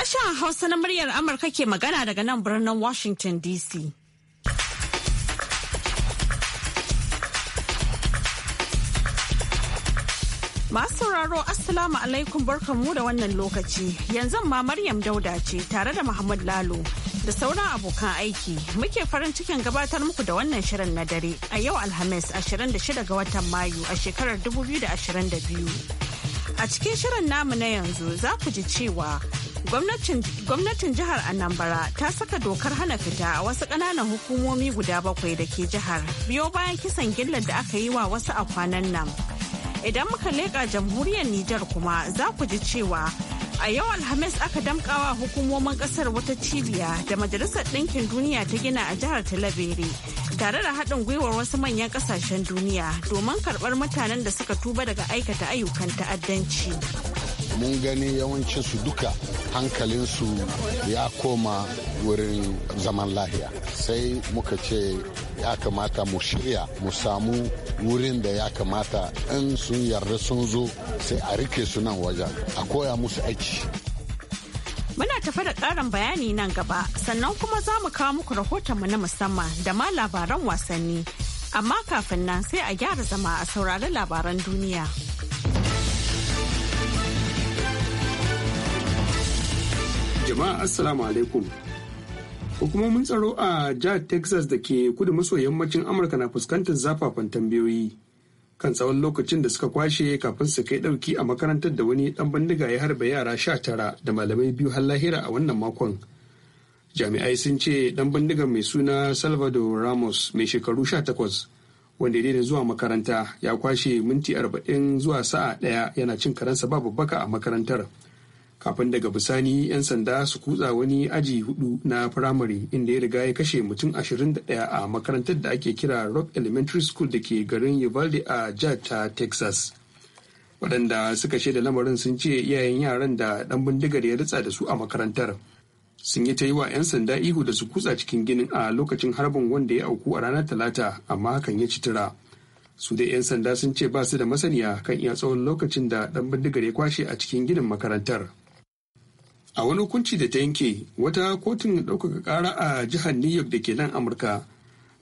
Sashen Hausa na muryar Amurka ke magana daga nan birnin Washington DC. Masu sauraro Assalamu alaikum barkanmu da wannan lokaci. Yanzu ma Maryam Dauda ce tare da Muhammad Lalo da sauran abokan aiki muke farin cikin gabatar muku da wannan shirin na dare a yau Alhamis 26 ga watan Mayu a shekarar 2022. A cikin shirin namu na yanzu za ku ji cewa Gwamnatin jihar Anambra ta saka dokar hana fita a wasu ƙananan hukumomi guda bakwai da ke jihar biyo bayan kisan gillar da aka yi wa wasu a kwanan nan. Idan muka leƙa jamhuriyar Nijar kuma za ku ji cewa a yau Alhamis aka damƙawa hukumomin ƙasar wata cibiya da Majalisar Ɗinkin Duniya ta gina a jihar Talabere. tare da haɗin gwiwar wasu manyan ƙasashen duniya domin karɓar mutanen da suka tuba daga aikata ayyukan ta'addanci. mun gani yawancin su duka hankalinsu ya koma wurin zaman lahiya sai muka ce ya kamata mu shirya mu samu wurin da ya kamata in sun yarda sun zo sai a rike su nan wajen a koya musu aiki Muna tafi da ƙarin bayani nan gaba sannan kuma za mu kawo muku rahotonmu na musamman da ma labaran wasanni. Amma kafin nan sai a gyara zama a saurari labaran duniya. Jama'a Assalamu alaikum. Hukumomin tsaro a jihar Texas da ke kudu maso yammacin Amurka na fuskantar zafafan tambayoyi kan tsawon lokacin da suka kwashe kafin su kai ɗauki a makarantar da wani ɗan bindiga ya harba yara sha tara da malamai biyu har lahira a wannan makon. Jami'ai sun ce ɗan bindiga mai suna Salvador Ramos mai shekaru sha takwas wanda ya daina zuwa makaranta ya kwashe minti arba'in zuwa sa'a ɗaya yana cin karansa babu baka a makarantar. kafin daga bisani 'yan sanda su kutsa wani aji hudu na firamare inda ya riga ya kashe mutum ashirin da 21 a makarantar da ake kira rock elementary school da ke garin uvalde a jihar ta texas waɗanda suka shaida lamarin sun ce iyayen yaran da ɗan bindigar ya ritsa da su a makarantar sun yi ta yi wa 'yan sanda ihu da su kutsa cikin ginin a lokacin harbin wanda ya auku a ranar talata amma hakan ya citira su da 'yan sanda sun ce ba su da masaniya kan iya tsawon lokacin da ɗan bindigar ya kwashe a cikin ginin makarantar a wani hukunci da ta yanke wata kotun ɗaukaka ƙara a jihar new york da ke nan amurka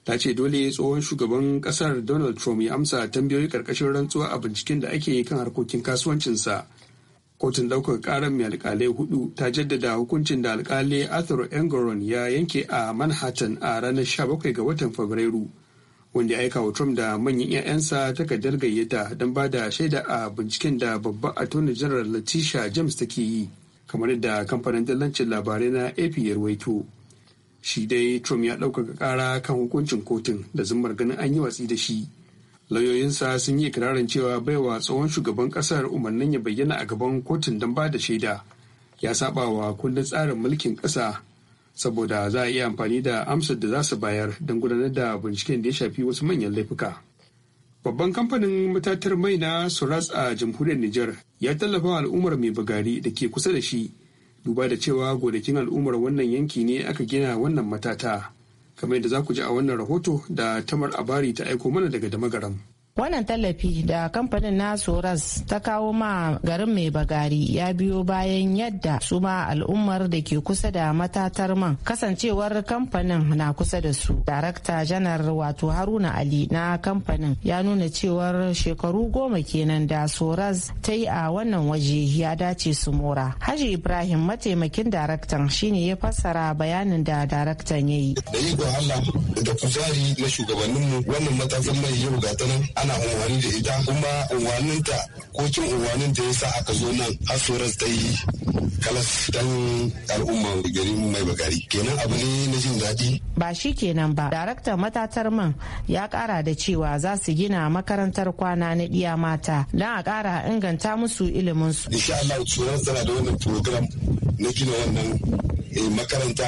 ta ce dole tsohon shugaban ƙasar donald trump ya amsa tambayoyi ƙarƙashin rantsuwa a binciken da ake yi kan harkokin kasuwancinsa kotun ɗaukaka ƙarar mai alƙalai hudu ta jaddada hukuncin da alƙali arthur engoron ya yanke a manhattan a ranar 17 ga watan fabrairu wanda ya aika wa trump da manyan 'ya'yansa takardar gayyata don ba da shaida a binciken da babban attorney general latisha james take yi kamar yadda kamfanin dillancin labarai na ap ya ruwaito shi dai trump ya ɗaukaka ƙara kan hukuncin kotun da zumar ganin an yi watsi da shi lauyoyinsa sun yi ikirarin cewa baiwa tsohon shugaban ƙasar umarnin ya bayyana a gaban kotun don ba da shaida ya saba wa kundin tsarin mulkin ƙasa saboda za a iya amfani da amsar da za su bayar don gudanar da binciken da ya shafi wasu manyan laifuka. Babban kamfanin matatar mai na Suras a jamhuriyar Nijar ya tallafa al'ummar mai bagari da ke kusa da shi duba da cewa gonakin al'ummar wannan yanki ne aka gina wannan matata. Kamar yadda za ku ji a wannan rahoto da Tamar Abari ta aiko mana daga Damagaram. wannan tallafi da kamfanin na soras ta kawo ma garin mai bagari ya biyo bayan yadda su ma al'ummar da ke kusa da matatar man kasancewar kamfanin na kusa da su darakta janar wato haruna ali na kamfanin ya nuna cewar shekaru goma kenan da soras ta yi a wannan waje ya dace su mora haji ibrahim mataimakin daraktan shine ya fassara bayanin da daraktan ya yi da kuzari na shugabanninmu wannan matakan mai yau ana unwani da ita kuma unwaninta ko cin unwaninta ya sa aka zo nan har ta yi kalas dan al'umman gari mai bakari kenan abu ne na jin daɗi ba shi kenan ba daraktan matatar man ya kara da cewa za su gina makarantar kwana na ɗiya mata don a kara inganta musu ilimin su insha Allah tsoron tana da wannan program na gina wannan eh, makaranta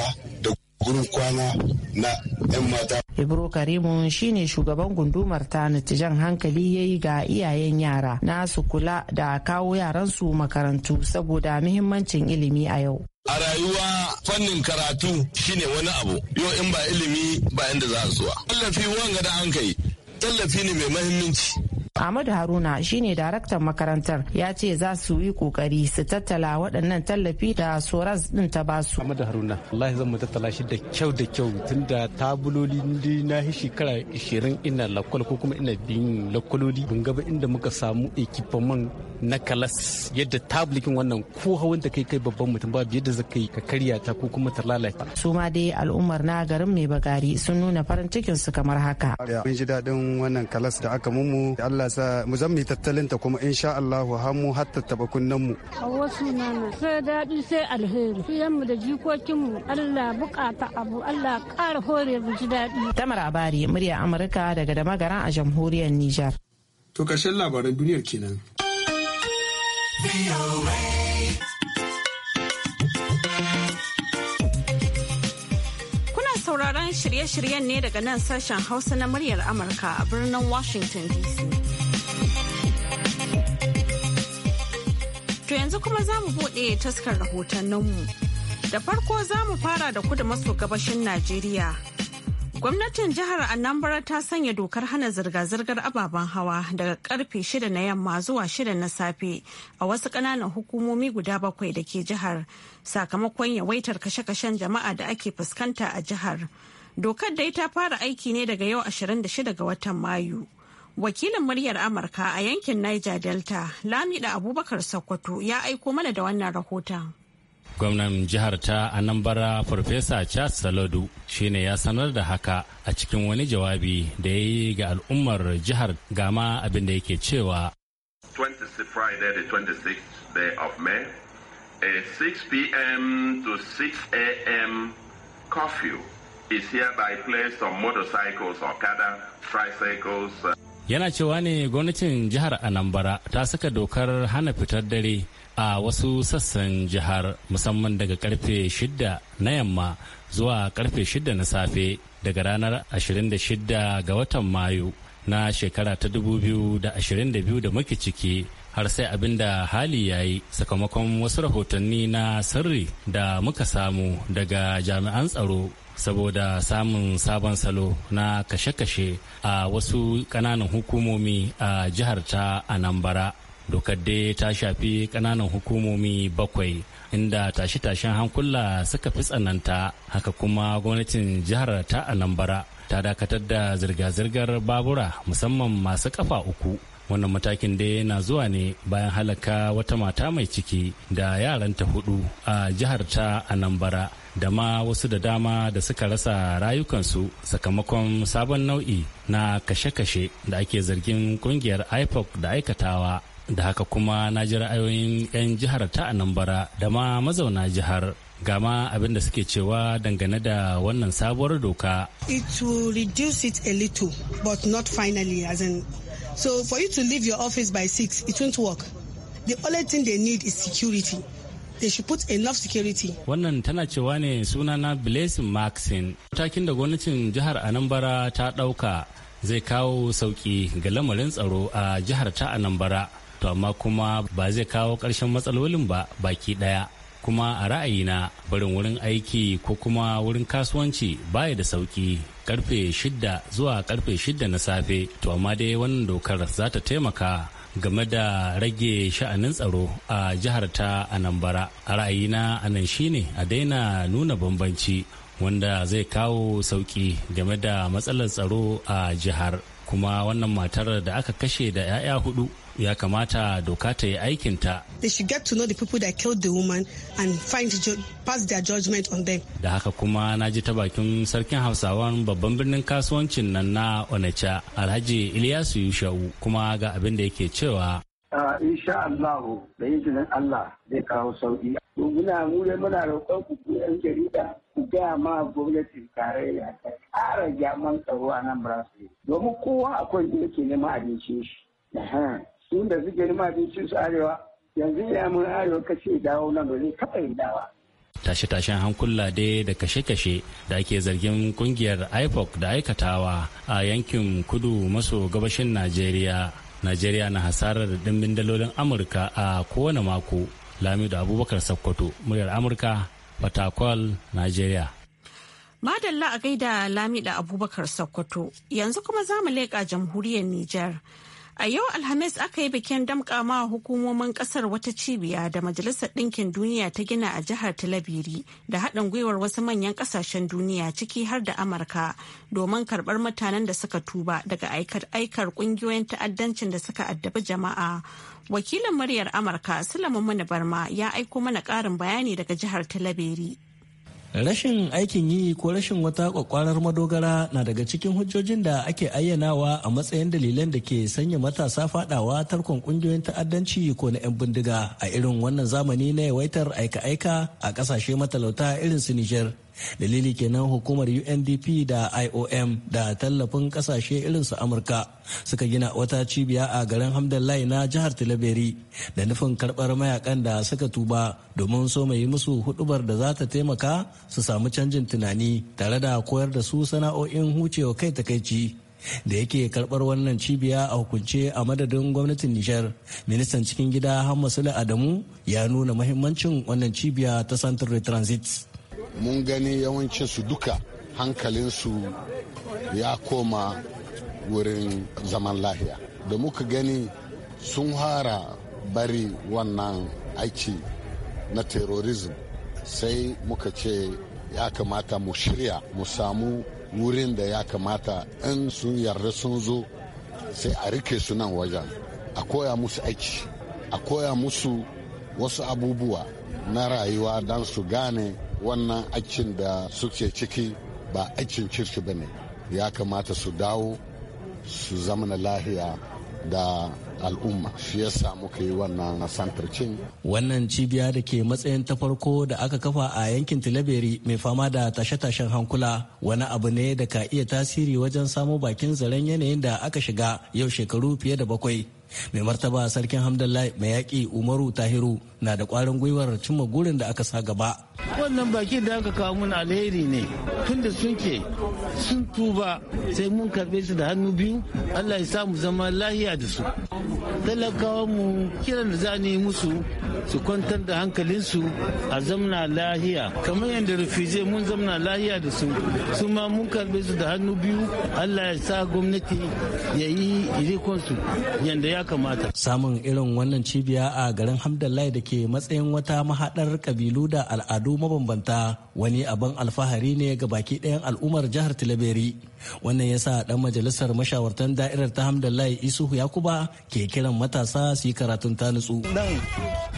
gurin kwana na 'yan mata. Ibro Karimu ne shugaban gundumar ta natijan hankali ya yi ga iyayen yara na su kula da kawo yaran su makarantu saboda muhimmancin ilimi a yau. A rayuwa fannin karatu shi ne wani abu, yau in ba ilimi ba inda za su zuwa. Tallafi wanga da hankali, tallafi ne mai mahimmanci. Ahmadu Haruna shine daraktan makarantar ya ce za su yi kokari su tattala waɗannan tallafi da Soras din ta basu. Ahmadu Haruna wallahi zan mu tattala shi da kyau da kyau tunda tabuloli na shekara 20 ina lakwal ko kuma ina bin lakwaloli Mun gaba inda muka samu ekipaman na kalas yadda tablikin wannan ko hawan da kai kai babban mutum ba yadda zaka yi ka karya ta ko kuma ta lalata. su ma dai al'ummar na garin mai bagari sun nuna farin cikin su kamar haka. mun ji daɗin wannan kalas da aka mumu Allah bunƙasa mu zan mu tattalin ta kuma insha Allah har mu har taba kunnen mu hawa nana sai daɗi sai alheri iyan mu da jikokin mu Allah bukata abu Allah kara hore mu ji daɗi tamar abari murya Amurka daga Damagara a jamhuriyar Nijar to ƙarshen labaran duniyar kenan sauraron shirye-shiryen ne daga nan sashen Hausa na muryar Amurka a birnin Washington DC. To yanzu kuma za mu buɗe taskar rahotanninmu. Da farko za mu fara da kudu maso gabashin Najeriya. Gwamnatin jihar Anambra ta sanya dokar hana zirga-zirgar ababen hawa daga karfe shida na yamma zuwa shida na safe a wasu ƙananan hukumomi guda bakwai da ke jihar sakamakon yawaitar kashe-kashen jama'a da ake fuskanta a jihar. Dokar dai ta fara aiki ne daga yau 26 ga watan Mayu. Wakilin muryar Amurka a yankin Niger Delta, Lamida Abubakar Sokoto ya aiko mana da wannan rahoton. Gwamnan jihar ta Anambra Farfesa Charles Saladu shine ya sanar da haka a cikin wani jawabi da ya yi ga al'ummar jihar gama abin da yake cewa. 20 Friday the 26th day of May, a 6 p.m. to 6 a.m. curfew is hereby placed on motorcycles, Okada, tricycles. Uh yana cewa ne gwamnatin jihar anambara ta saka dokar hana fitar dare a wasu sassan jihar musamman daga karfe 6 na yamma zuwa karfe 6 na safe daga ranar 26 ga watan mayu na shekara ta 2022 da muke ciki har sai abin da hali ya yi sakamakon wasu rahotanni na sirri da muka samu daga jami'an tsaro saboda samun sabon salo na kashe-kashe a wasu ƙananan hukumomi a jihar ta anambra dokar dai ta shafi ƙananan hukumomi bakwai inda tashe-tashen hankula suka fi tsananta haka kuma gwamnatin jihar ta anambra ta dakatar da zirga-zirgar babura musamman masu kafa uku wannan matakin dai na zuwa ne bayan halaka wata mata mai ciki da yaranta hudu a jihar ta anambra da ma wasu da dama da suka rasa rayukansu sakamakon sabon nau'i na kashe-kashe da ake zargin kungiyar ipoc da aikatawa da haka kuma na ji ra'ayoyin 'yan jihar ta anambra da ma mazauna jihar gama abin da suke cewa dangane da wannan sabuwar doka. It will reduce it a little, but not finally, as in. So for you to leave your office by six, it won't work. The only thing they need is security. they should put enough security. Wannan tana cewa ne sunana Blessing Maxin. Takin da gwamnatin jihar Anambra ta ɗauka zai kawo sauƙi ga lamarin tsaro a jihar ta Anambra. To amma kuma ba zai kawo ƙarshen matsalolin ba baki ɗaya. kuma a ra'ayina barin wurin aiki ko kuma wurin kasuwanci baya da sauki karfe shidda zuwa karfe shidda na safe to amma dai wannan dokar za ta taimaka game da rage sha'anin tsaro a jihar ta anambara a ra'ayina anan shine a daina nuna bambanci wanda zai kawo sauki game da matsalar tsaro a jihar kuma wannan matar da aka kashe da 'ya'ya hudu ya kamata doka ta yi aikinta. They should get to know the people that killed the woman and find pass their judgment on them. Da haka kuma na ji ta bakin sarkin Hausawan babban birnin kasuwancin nan na Onitsha Alhaji Ilyasu Yushau kuma ga abin da yake cewa. Ah, insha Allah da izinin Allah zai kawo sauki. Muna mure muna roƙon ku yan jarida ku gaya ma gwamnati tarayya ta ƙara gyaman tsaro a nan Brazil. Domin kowa akwai da yake neman abincin shi. sun da suke nima abincin su arewa yanzu ya mun arewa kace dawo nan ba zai taɓa yin dawa. tashe-tashen hankula dai da kashe-kashe da ake zargin kungiyar ipoc da aikatawa a yankin kudu maso gabashin najeriya najeriya na hasarar da dimbin dalolin amurka a kowane mako lamido abubakar sakkwato muryar amurka fatakwal najeriya madalla a gaida Lamidu abubakar sakkwato yanzu kuma za mu leƙa jamhuriyar Nijar. A yau Alhamis aka yi bikin ma hukumomin ƙasar wata cibiya da Majalisar Ɗinkin Duniya ta gina a jihar Talabiri da haɗin gwiwar wasu manyan ƙasashen duniya ciki har da Amurka domin karɓar mutanen da suka tuba daga aikar ƙungiyoyin ta'addancin da suka addabi jama'a. Wakilin muryar Amurka Sulaiman Mana Barma ya aiko mana ƙarin bayani daga jihar Talabiri. Rashin aikin yi ko rashin wata kwakwarar madogara na daga cikin hujjojin da ake ayyanawa a matsayin dalilan da ke sanya matasa fadawa tarkon kungiyoyin ta'addanci ko na 'yan bindiga a irin wannan zamani na yawaitar aika-aika a kasashe matalauta irin su Nijar. dalili kenan hukumar undp da iom da tallafin kasashe irinsu amurka suka gina wata cibiya a garin hamdallahi na jihar tilaberi da nufin karbar mayakan da suka tuba domin so mai musu hudubar da za ta taimaka su samu canjin tunani tare da koyar da su sana'o'in hucewa kai takaici da yake karbar wannan cibiya a hukunce a madadin gwamnatin nishar Ministan cikin gida Hamma Adamu ya nuna mahimmancin wannan cibiya ta Central Transit. mun gani yawancinsu duka hankalinsu ya koma wurin zaman lahiya da muka gani sun hara bari wannan aiki na terrorism sai muka ce ya kamata mu shirya mu samu wurin da ya kamata in sun yarda sun zo sai a rike su nan wajen a koya musu aiki a koya musu wasu abubuwa na rayuwa don su gane wannan aikin da suke ciki ba aikin kirki ba ne ya kamata su dawo su zamana lahiya da al'umma shi ya samu ka yi wannan santarcin. Wannan cibiya da ke matsayin ta farko da aka kafa a yankin Tilaberi mai fama da tashe-tashen hankula wani abu ne da ka iya tasiri wajen samo bakin zaren yanayin da aka shiga yau shekaru fiye da bakwai. Mai martaba sarkin Hamdallah mai yaƙi Umaru Tahiru na da ƙwarin gwiwar cimma gurin da aka sa gaba. wannan baki da aka kawo mun alheri ne tunda sun ke sun tuba sai mun karbe su da hannu biyu allah ya samu zama lahiya da su talakawa mu kiran da za musu su kwantar da hankalinsu a zamna lahiya kamar yadda rufije mun zamna lahiya da su su ma mun karbe su da hannu biyu allah ya sa gwamnati ya yi irikonsu yadda ya kamata samun irin wannan cibiya a garin hamdallahi da ke matsayin wata mahaɗar kabilu da al'adu al'adu mabambanta wani abin alfahari ne ga baki ɗayan al'ummar jihar Tilaberi. Wannan ya sa ɗan majalisar mashawartan da'irar ta Hamdallahi Isuhu Yakuba ke kiran matasa su yi karatun ta nutsu. Nan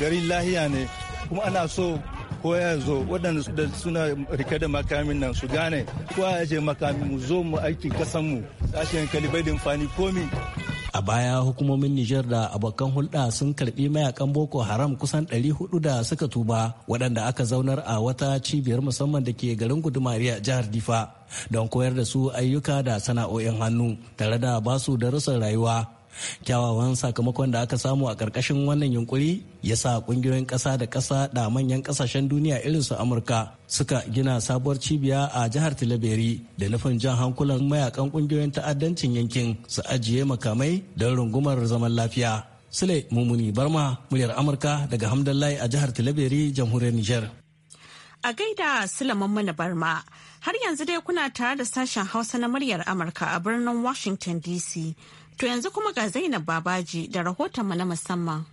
gari lahiya ne kuma ana so ko ya zo waɗanda suna rike da makamin nan su gane ko ya je makamin mu zo mu aikin kasan mu tashin kalibai da fani komi a baya hukumomin nijar da abokan hulɗa sun karɓi mayakan boko haram kusan 400 da suka tuba waɗanda aka zaunar a wata cibiyar musamman da ke garin gudumariya jihar difa don koyar da su ayyuka da sana'o'in hannu tare da basu darussan rayuwa kyawawan sakamakon da aka samu a ƙarƙashin wannan yunkuri ya sa ƙungiyoyin ƙasa da ƙasa da manyan ƙasashen duniya irin su amurka suka gina sabuwar cibiya a jihar tilaberi da nufin jan hankulan mayakan ƙungiyoyin ta'addancin yankin su ajiye makamai don rungumar zaman lafiya sule mumuni barma muryar amurka daga hamdallahi a jihar tilaberi jamhuriyar niger a gaida sulaman mana barma har yanzu dai kuna tare da sashen hausa na muryar amurka a birnin washington dc To yanzu kuma ga Zainab Babaji da rahoton mu na musamman.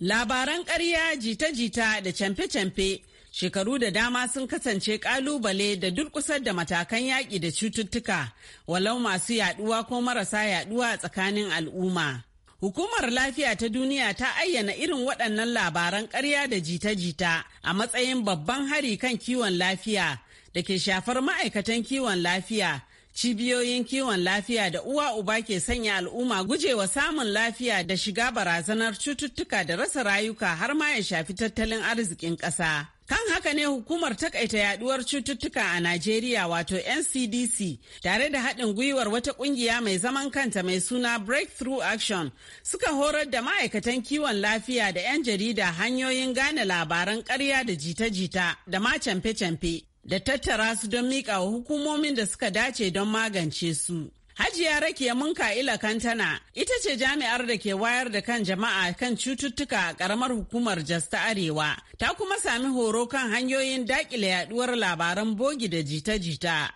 Labaran ƙarya jita-jita da camfe-camfe shekaru da dama sun kasance ƙalubale da dulƙusar da matakan yaƙi da cututtuka walau masu yaɗuwa ko marasa yaɗuwa a tsakanin al'umma. Hukumar Lafiya ta Duniya ta ayyana irin waɗannan labaran ƙarya da jita-jita a matsayin babban hari kan kiwon lafiya da ke shafar ma'aikatan kiwon lafiya cibiyoyin kiwon lafiya da uwa uba ke sanya al'umma gujewa samun lafiya da shiga barazanar cututtuka da rasa rayuka har ma ya shafi tattalin arzikin ƙasa. Kan haka ne hukumar takaita yaduwar cututtuka a Najeriya wato NCDC tare da haɗin gwiwar wata ƙungiya mai zaman kanta mai suna Breakthrough Action suka horar da ma'aikatan kiwon lafiya da 'yan jarida hanyoyin gane labaran ƙarya da jita-jita da ma camfe-camfe da tattara su don miƙa wa hukumomin da suka dace don magance su. Hajiya Rakiya kaila Kantana ita ce jami'ar da ke wayar da kan jama'a kan cututtuka a ƙaramar hukumar Jas ta Arewa. Ta kuma sami horo kan hanyoyin daƙile yaduwar labaran bogi da jita-jita.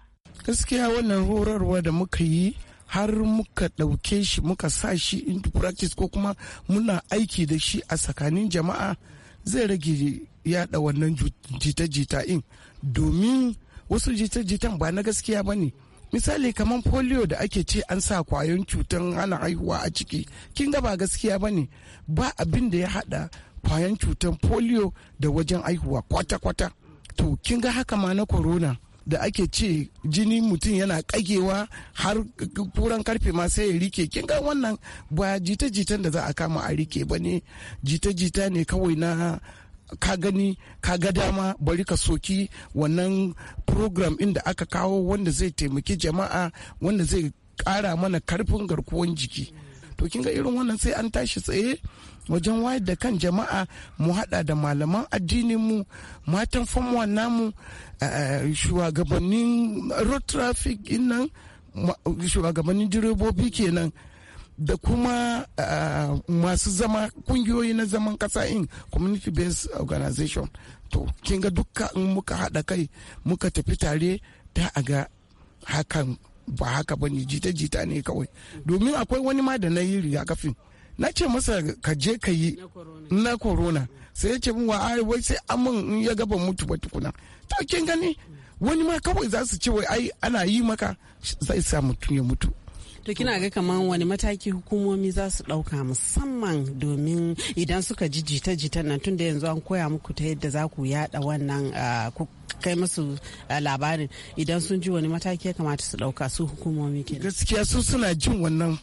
Gaskiya wannan horarwa da muka yi har muka ɗauke shi muka sa shi into practice ko kuma muna aiki da shi a tsakanin jama'a zai rage yada wannan jita-jita in domin wasu jita-jitan ba na gaskiya ba ne misali kamar polio da ake ce an sa kwayan cutar hana haihuwa a ciki kin ga ba gaskiya ba ne ba abin da ya hada kwayan cutar polio da wajen haihuwa kwata-kwata to kin ga haka ma na corona da ake ce jini mutum yana kagewa har kuran karfe ma sai ya rike kin ga wannan ba jita-jitan da za a kama a rike ba ne jita-jita ne kawai na ka gani ka ga dama bari ka soki wannan program inda aka kawo wanda zai taimaki jama'a wanda zai kara mana karfin garkuwan jiki to kin ga irin wannan sai an tashi tsaye wajen wayar da kan jama'a mu hada da malaman addinin mu matan famuwa namu eh, eh, shugabannin road traffic nan shugabannin direbobi kenan da kuma uh, masu zama kungiyoyi na zaman kasa in community based organization to kin ga dukka in muka haɗa kai muka tafi tare da a ga hakan ba haka ba ne jita-jita ne kawai domin akwai wani ma da na yi rigakafin na ce masa ka je ka yi na corona sai ya ce min wa ai wai sai amin in ya gaba mutu ba tukuna to kin gani wani ma kawai za su ce wai ai ana yi maka zai sa mutum ya mutu to kina ga kaman wani mataki hukumomi za su ɗauka musamman domin idan suka ji jita-jita nan tunda yanzu an koya muku ta yadda za ku yada wannan kai musu labarin idan sun ji wani mataki ya kamata su ɗauka su hukumomi kenan gaskiya su suna jin wannan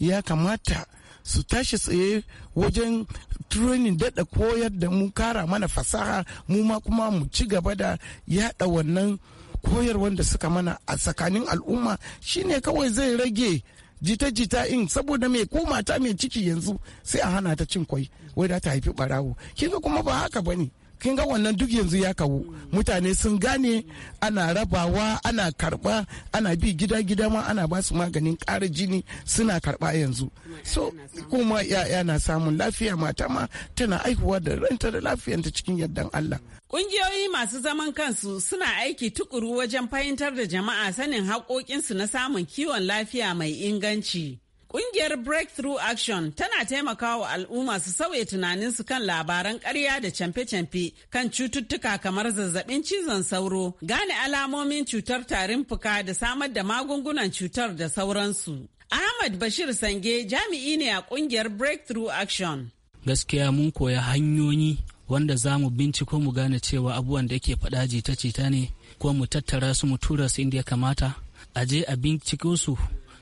ya kamata su tashi tsaye wajen training daɗa koyar da mu kara mana fasaha mu ma kuma mu ci gaba da yaɗa wannan koyarwar da suka mana a tsakanin al'umma shine kawai zai rage jita-jita in saboda mai ko mata mai ciki yanzu sai a hana ta cin kwai wai da ta haifi barawo kinga kuma ba haka bane kin ga wannan duk yanzu ya kawo mutane sun gane ana rabawa ana karba ana bi gida gida ma ana ba su maganin ƙara jini suna karba yanzu so kuma yaya na samun lafiya mata ma tana aihuwa da ranta da lafiyanta cikin yardan Allah Ƙungiyoyi masu zaman kansu suna aiki tukuru wajen fahimtar da jama'a sanin haƙoƙinsu na samun kiwon lafiya mai inganci. Ƙungiyar Breakthrough Action tana taimakawa al'umma su sauya tunaninsu kan labaran karya da camfe-camfe kan cututtuka kamar zazzabin cizon sauro, gane alamomin cutar tarin fuka da samar da magungunan cutar da sauransu. Ahmad Bashir Sange jami'i ne a ƙungiyar Breakthrough Action. Gaskiya mun koya hanyoyi wanda za mu binciko mu gane cewa abubuwan da ke faɗa jita-jita ne, ko mu tattara su mu tura su inda ya kamata, a je a binciko su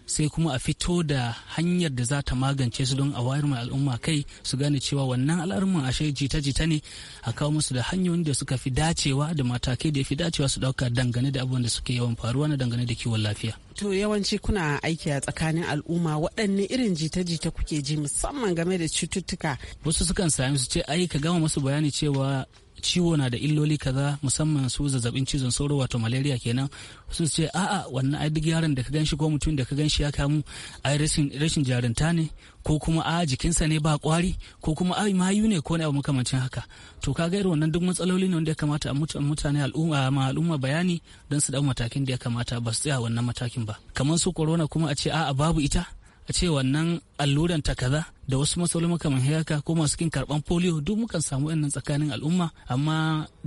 sai kuma a fito da hanyar da za ta magance su don a wayar ma al'umma kai su gane cewa wannan al'armun ashe jita-jita ne a kawo musu da hanyoyin da suka fi dacewa da matakai da ya fi dacewa su dauka dangane da abubuwan da suke yawan faruwa na dangane da kiwon lafiya. To yawanci kuna aiki a tsakanin al'umma waɗanne irin jita-jita kuke ji musamman game da cututtuka. Wasu sukan sami su ce ai ka gama masu bayani cewa ciwo na da illoli kaza musamman su zazzabin cizon sauro wato malaria kenan su ce a'a wannan ai duk yaron da ka ganshi ko mutum da ka ganshi ya kamu ai rashin rashin jarinta ne ko kuma a jikinsa ne ba kwari ko kuma ai mayu ne ko ne abu makamancin haka to ka ga wannan duk matsaloli ne wanda ya kamata a mutane al'umma ma al'umma bayani don su dau matakin da ya kamata ba su tsaya wannan matakin ba kamar su corona kuma a ce a'a babu ita a ce wannan alluran ta kaza da wasu matsaloli makamanci haka ko masu kin karban polio duk mukan samu wannan tsakanin al'umma amma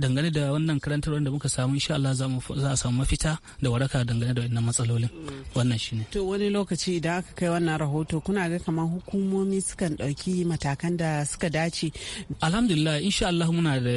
dangane da wannan karantar da muka samu insha Allah za a samu mafita da waraka dangane da wannan matsalolin wannan shine to wani lokaci idan aka kai wannan rahoto kuna ga kamar hukumomi sukan dauki matakan da suka dace alhamdulillah insha Allah muna da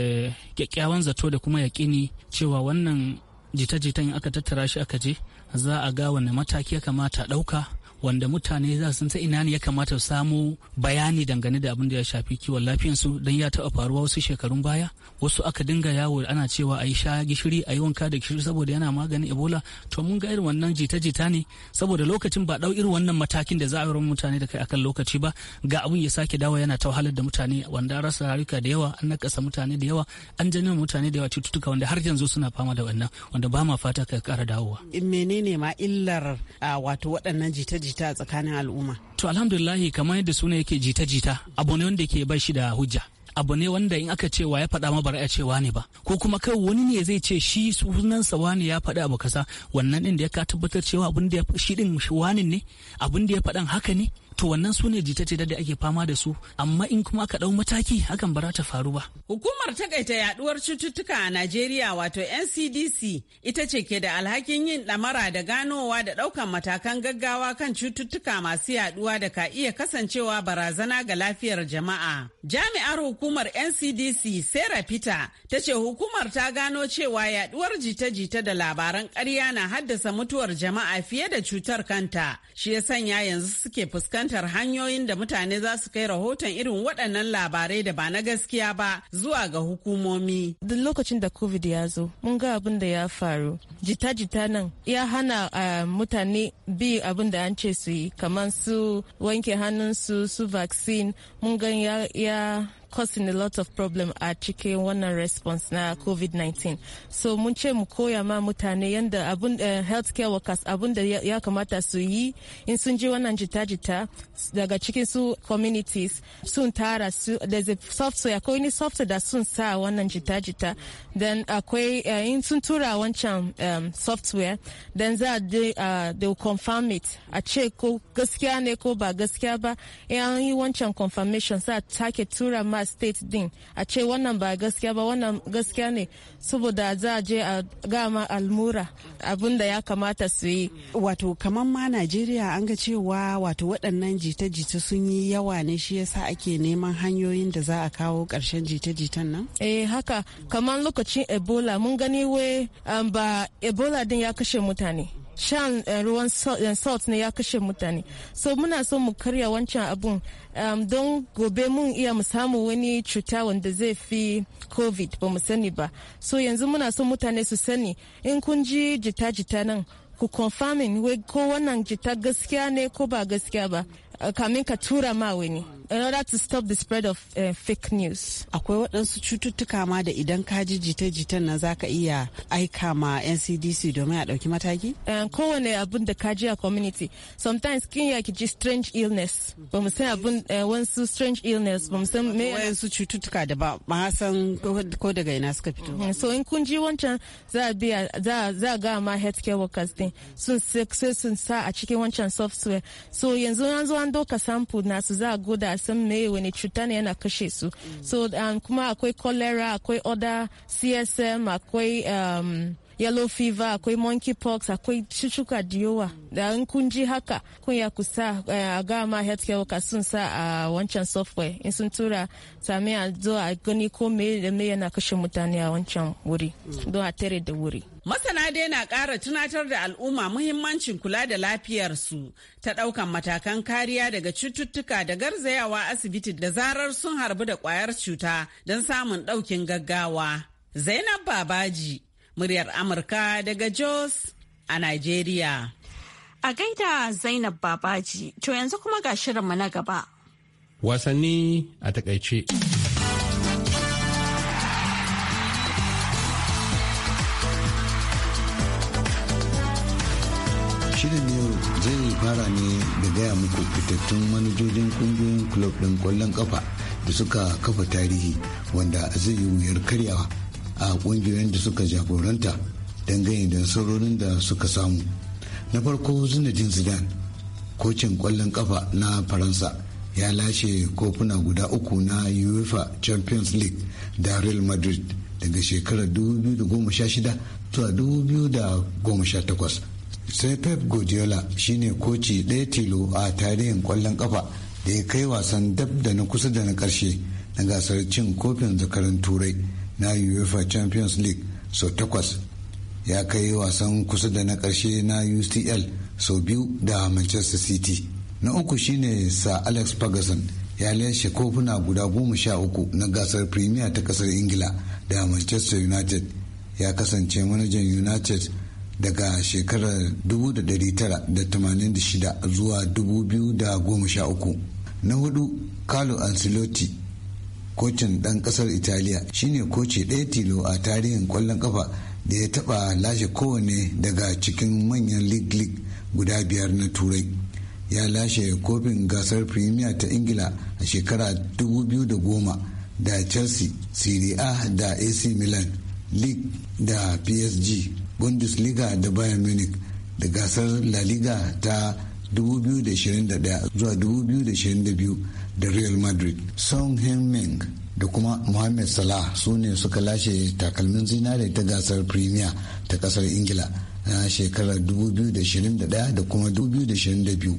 kyakkyawan zato da kuma yakini cewa wannan jita-jitan aka tattara shi aka je za a ga wani mataki ya kamata ɗauka wanda mutane za su ta ina ne ya kamata su samu bayani dangane da abin da ya shafi kiwon lafiyansu don ya taɓa faruwa wasu shekarun baya wasu aka dinga yawo ana cewa a yi sha gishiri a yi wanka da gishiri saboda yana maganin ebola to mun ga irin wannan jita-jita ne saboda lokacin ba ɗau irin wannan matakin da za a yi mutane da kai akan lokaci ba ga abin ya sake dawo yana ta wahalar da mutane wanda rasa rayuka da yawa an nakasa mutane da yawa an janyo mutane da yawa cututtuka wanda har yanzu suna fama da wannan wanda ba ma fata ka kara dawowa. menene ma illar ah, wato waɗannan jita-jita jita-jita a tsakanin al'umma to alhamdulillahi kamar yadda suna yake jita-jita abu ne wanda ke bai shi da hujja abu ne wanda in aka cewa ya faɗa ma ba ya cewa ne ba ko kuma kai wani ne zai ce shi sunansa wani ya faɗi abu kasa wannan ɗin da ya ka tabbatar cewa abin da shi din wani ne abin da ya faɗan haka ne to wannan su ne jita-jita da ake fama da su amma in kuma aka ɗau mataki hakan ba ta faru ba. Hukumar takaita yaduwar cututtuka a Najeriya wato NCDC ita ce ke da alhakin yin ɗamara da ganowa da ɗaukan matakan gaggawa kan cututtuka masu yaduwa da ka iya kasancewa barazana ga lafiyar jama'a. Jami'ar hukumar NCDC Sarah Peter ta ce hukumar ta gano cewa yaduwar jita-jita da labaran ƙarya na haddasa mutuwar jama'a fiye da cutar kanta. Shi ya sanya yanzu suke fuskantar fahimtar hanyoyin da mutane za su kai rahoton irin waɗannan labarai da ba na gaskiya ba zuwa ga hukumomi. Duk lokacin da COVID ya zo, mun ga abin da ya faru. Jita-jita nan ya hana mutane bi abin da an ce su yi, kamar su wanke hannunsu, su vaccine, mun gan ya causing a lot of problem a cikin wannan response na covid-19 so mun ce mu koya ma mutane yadda abun eh, care workers abun da ya kamata su yi in sun ji wannan jita-jita daga cikin su communities sun tara su there's a software akwai wani software da sun sa wannan jita-jita then akwai eh, in sun tura wancan um, software then za a they will confirm it a ce ko gaskiya ne ko ba gaskiya ba in an yi wancan confirmation sa take tura ma state din a ce wannan ba gaskiya ba wannan gaskiya ne saboda za a je a gama almura abin da ya kamata su yi wato kamar ma najeriya an ga cewa wato waɗannan jita-jita sun yi yawa ne shi yasa ake neman hanyoyin da za a kawo karshen jita-jitan nan eh haka kamar lokacin ebola mun gani we um, ba ebola din ya kashe mutane shan eh, ruwan eh, salt ne ya kashe mutane so muna so mu karya wancan abun um, don gobe mun iya mu samu wani cuta wanda zai fi covid ba mu sani ba so yanzu muna so mutane su sani in kun ji jita-jita nan ku confirming wai ko wannan jita gaskiya ne ko ba gaskiya ba Eh, kamin ka tura ma wani in order to stop the spread of uh, fake news. Akwai waɗansu cututtuka ma da idan ka ji jita-jitan nan zaka iya aika ma NCDC domin a ɗauki mataki? Eh, kowane abin da ka ji a community. Sometimes kin ya ji strange illness. Ba mu san abin wansu strange illness ba mu san me. Wayansu cututtuka da ba ma san ko daga ina suka fito. Mm, so in kun ji wancan za a biya za a ga ma healthcare workers din sun sun sa a cikin wancan software. So yanzu an zo an doka sample nasu za a goda san me wani cuta ne yana kashe su mm. so um, kuma akwai cholera akwai oda csm akwai um, yellow fever akwai monkeypox akwai cucuka da yawa da in kun ji haka kun ya kusa eh, a gama healthcare worker sun sa a wancan software in sun tura sami a zo a gani ko me da me yana kashe mutane a wancan wuri don a tare da wuri masana dai na kara tunatar da al'umma muhimmancin kula da lafiyar su ta daukan matakan kariya daga cututtuka da garzayawa asibiti da zarar sun harbi da kwayar cuta don samun daukin gaggawa zainab babaji muryar Amurka daga Jos a Najeriya. A gaida Zainab Babaji, to yanzu kuma ga shirinmu na gaba. Wasanni a takaice. Shirin yau zai fara ne da gaya muku fitattun manajojin kungiyoyin kulob ɗin ƙwallon ƙafa da suka kafa tarihi wanda zai yi wuyar karyawa. a kungiyoyin da suka jagoranta dangane da nasarorin da suka samu na farko zinajin zidane kocin kwallon kafa na faransa ya lashe kofuna guda uku na uefa champions league da real madrid daga shekarar 2016 zuwa 2018 sai pep guardiola shine koci ɗaya tilo a tarihin kwallon kafa da ya kai wasan dab da na kusa da na ƙarshe na gasar cin kofin zakarin turai na UEFA Champions League sau takwas ya kai wasan kusa da na ƙarshe na UCL sau biyu da Manchester City. Na uku shine Sir Alex Ferguson ya lashe kofuna guda goma sha uku na gasar Premier ta kasar Ingila da Manchester United ya kasance manajan United daga shekarar 1986 zuwa 2013. Na hudu Carlo Ancelotti kocin ɗan ƙasar italiya shine koci ɗaya tilo a tarihin kwallon ƙafa da ya taɓa lashe kowane daga cikin manyan league league guda biyar na turai ya lashe kofin gasar premier ta ingila a shekara 2010 da chelsea serie da ac milan league da psg bundesliga da bayern munich da gasar la liga ta 2021 zuwa 2022 da real madrid son heung-min da kuma mohamed salah su ne suka lashe takalmin zinare ta gasar premier ta kasar ingila na shekarar 2021 da kuma 2022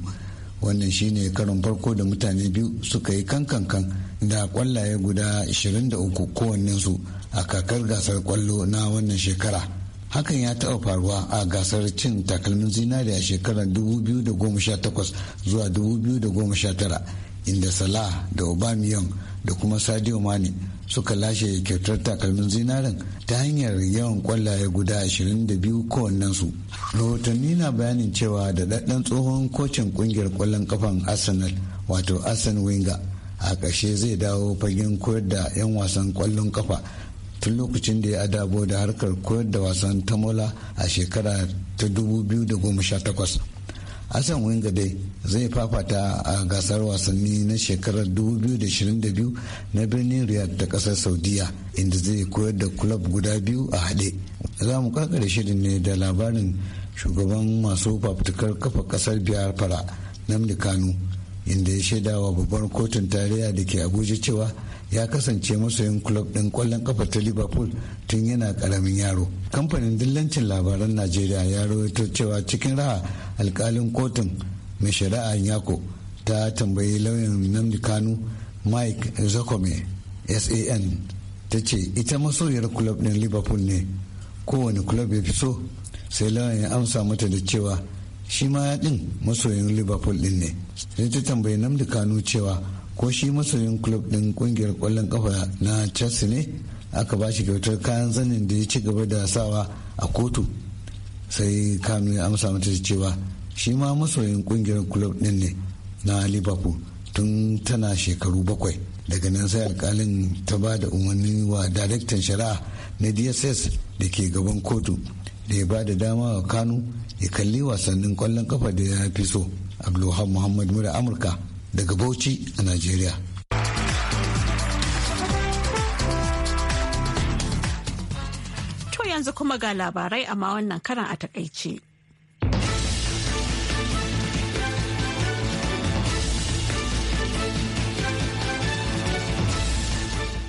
wannan shine karin farko da mutane biyu suka yi kankankan da kwallaye guda 23 kowannensu a kakar gasar kwallo na wannan shekara hakan ya taɓa faruwa a gasar cin takalmin zinare a shekarar 2018 zuwa 2019 inda salah da Aubameyang da kuma sadio Mane suka lashe kyautar takalmin zinarin ta hanyar yawan kwallaye guda 22 kowannensu rahotanni na bayanin cewa da daɗan tsohon kocin ƙungiyar ƙwallon kafan arsenal wato Arsene Wenger a ƙarshe zai dawo fagen koyar da 'yan wasan ƙwallon kafa tun lokacin da ya adabo da harkar koyar da wasan tamola a shekara ta 2018 Hassan Winga dai zai fafata a gasar wasanni na shekarar 2022 na birnin Riyadh ta kasar Saudiya inda zai koyar da kulab guda biyu a haɗe. Za mu kakare shirin ne da labarin shugaban masu fafutukar kafa kasar biyar fara Namdi Kano. inda ya shaida wa babbar kotun tarayya da ke abuja cewa ya kasance masoyin kulob din kwallon kafa ta liverpool tun yana karamin yaro kamfanin dillancin labaran najeriya ya rawaito cewa cikin raha alkalin kotun mai shari'a yako ta tambayi lauyan namdi kanu mike zakome san ta ce ita masoyar kulob din liverpool ne kowane kulob ya fi so sai lauyan ya amsa mata da cewa shi ma din masoyin liverpool din ne sai ta tambayi namdi kanu cewa ko shi masoyin club din kungiyar kwallon kafa na chelsea ne aka ba shi kyautar kayan zanin da ya ci gaba da sawa a kotu sai kanu ya amsa mata cewa shi ma masoyin kungiyar club din ne na liverpool tun tana shekaru bakwai daga nan sai alkalin ta ba da umarni wa daraktan shari'a na dss da ke gaban kotu da ya ba da dama wa Kano ya kalli wasannin kwallon kafa da ya fi so abdulhamid muhammad mura amurka daga bauchi a najeriya to yanzu kuma ga labarai amma wannan karan a takaice.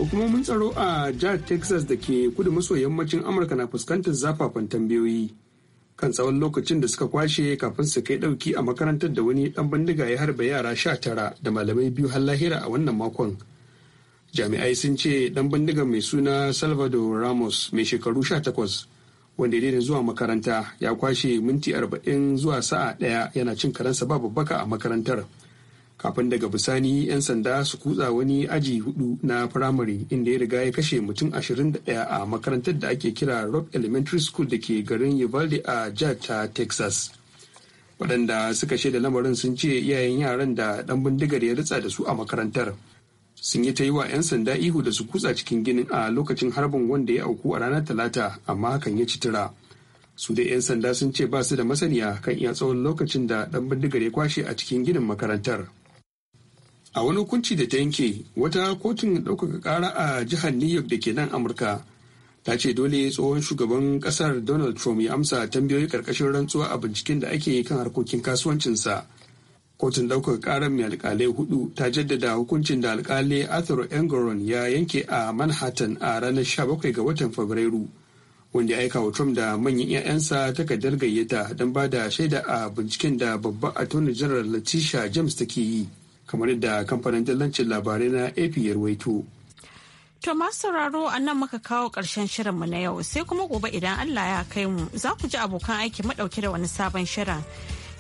hukumomin tsaro a jihar texas da ke kudu maso yammacin amurka na fuskantar zafafan tambayoyi kan tsawon lokacin da suka kwashe kafin su kai dauki a makarantar da wani dan bindiga ya harba yara sha tara da malamai biyu har lahira a wannan makon jami'ai sun ce dan bindiga mai suna salvador ramos mai shekaru sha takwas wanda ya zuwa makaranta ya kwashe minti arba'in zuwa sa'a daya yana cin karansa babu baka a makarantar kafin daga bisani 'yan sanda su kutsa wani aji hudu na firamare inda ya riga ya kashe mutum 21 a makarantar da ake kira rock elementary school da ke garin uvalde a jihar ta texas waɗanda suka shaida lamarin sun ce iyayen yaran da ɗan bindigar ya ritsa da su a makarantar sun yi ta yi wa 'yan sanda ihu da su kutsa cikin ginin a lokacin harbin wanda ya auku a ranar talata amma hakan ya ci tura su da 'yan sanda sun ce ba su da masaniya kan iya tsawon lokacin da ɗan bindigar ya kwashe a cikin ginin makarantar a wani hukunci da ta yanke wata kotun ɗaukaka ƙara a jihar new york da ke nan amurka ta ce dole tsohon shugaban ƙasar donald trump ya amsa tambayoyi ƙarƙashin rantsuwa a binciken da ake yi kan harkokin kasuwancinsa kotun ɗaukaka ƙarar mai alƙalai hudu ta jaddada hukuncin da alƙalai arthur engoron ya yanke a manhattan a ranar 17 ga watan fabrairu wanda ya aika wa trump da manyan 'ya'yansa takardar gayyata don ba da shaida a binciken da babban attorney general latisha james take yi kamar yadda kamfanin dillancin labarai na AP ya To masu sauraro a nan muka kawo ƙarshen shirinmu na yau sai kuma gobe idan Allah ya kai mu za ku ji abokan aiki maɗauke da wani sabon shirin.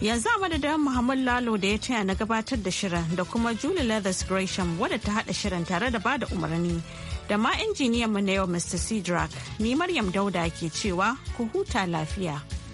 Yanzu a madadin Muhammad Lalo da ya taya na gabatar da shirin da kuma Julie Leathers Gresham wadda ta haɗa shirin tare da bada umarni. Da ma injiniyan mu na yau Mr. Cedric, ni Maryam Dauda ke cewa ku huta lafiya.